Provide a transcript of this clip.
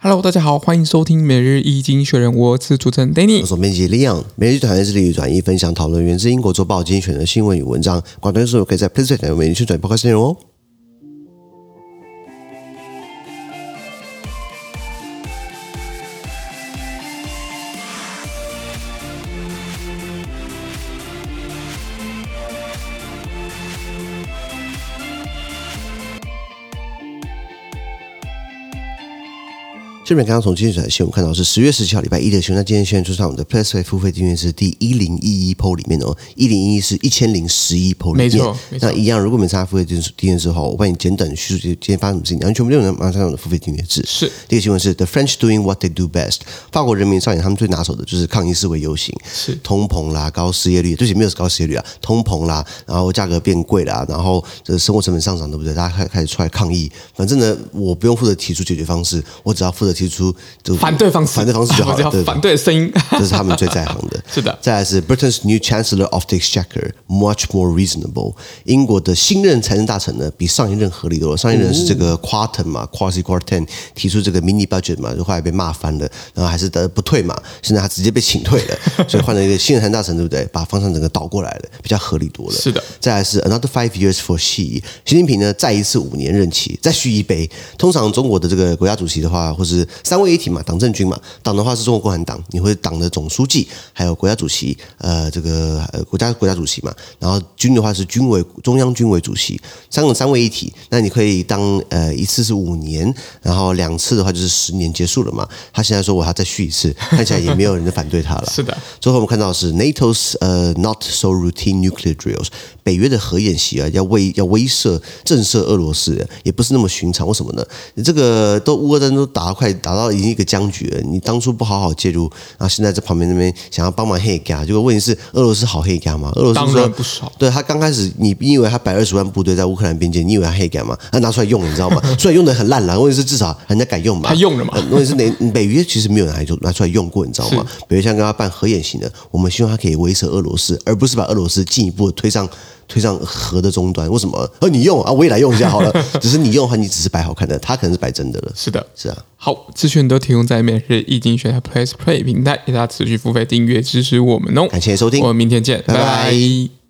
Hello，大家好，歡迎收聽每日一經濟學人，我是主持人 Danny，我是我面輯 Leon 每日一傳業致力於轉譯、分享、討論源自英國週報《經濟學人》新聞與文章，廣度與深度可以在 PressPlay 點每日一經濟學人播客收聽哦。這邊剛剛從經濟的新聞看到是十月十七號禮拜一的新聞。那今天現在出現我們的 Plus 會員付費訂閱是第一零一一 p 裡面哦，一零一一是一千零十一 p 裡面沒錯。那一樣，沒錯，如果你參加付費訂閱訂閱之後，我幫你簡短敘述今天發生什麼事情，你全部有，人馬上上我的付費訂閱制。是。第一個新聞是，是 The French doing what they do best。法國人民上演他們最拿手的就是抗議示威遊行。是。通膨啦，高失業率，對不起，沒有是高失業率啊，通膨啦，然後價格變貴啦，然後這生活成本上漲，對不對？大家開開始出來抗議。反正呢，我不用負責提出解決方式，我只要負責，提出就反對方式，反對方式就好了，對，反對的聲音，這是他們最在行的。是的，再來是 Britain's new Chancellor of the Exchequer much more reasonable。英國的新任財政大臣呢，比上一任合理多了。上一任是這個 Kwarteng 嘛，Kwasi、嗯、Kwarteng 提出這個 mini budget 嘛，就後來被罵翻了，然後還是得不退嘛，現在他直接被請退了，所以換了一個新任財政大臣，對不對？把方向整個倒過來了，比較合理多了。是的，再來是 Another five years for Xi。習近平呢，再一次五年任期，再續一杯。通常中國的這個國家主席的話，或是三位一體嘛，黨政軍嘛。黨的話是中國共產黨，你會黨的總書記，還有國家主席，呃，這個、呃、國家國家主席嘛。然後軍的話是軍委中央軍委主席，三個三位一體。那你可以當呃一次是五年，然後兩次的話就是十年結束了嘛。他現在說我要再續一次，看起來也沒有人反對他了。 是的。最後我們看到的是 NATO's 呃、uh, not so routine nuclear drills，北約的核演習啊，要威要威懾震懾俄羅斯，也不是那麼尋常。為什麼呢？你這個都烏俄戰爭都打快。達到已經一個僵局了。你當初不好好介入，然後現在在旁邊那邊想要幫忙黑家，結果問你是俄羅斯好黑家嗎？俄羅斯是說當然不少。對他剛開始，你你以為他百二十萬部隊在烏克蘭邊界，你以為他黑家嗎？他拿出來用，你知道嗎？雖然用的很爛了， 問題是至少人家敢用嘛？他用了嘛？呃、問題是美、北約其實沒有拿拿出來用過，你知道嗎？比如像跟他辦核演習的，我們希望他可以威懾俄羅斯，而不是把俄羅斯進一步推上。推上河的終端，為什麼？而、哦、你用啊，我也來用一下好了。 只是你用的話，你只是擺好看的，他可能是擺真的了。是的，是啊。好，資訊都提供在每日一經濟學人 PressPlay 平台，給大家持續付費訂閱支持我們哦。感謝收聽，我們明天見，拜拜。拜拜。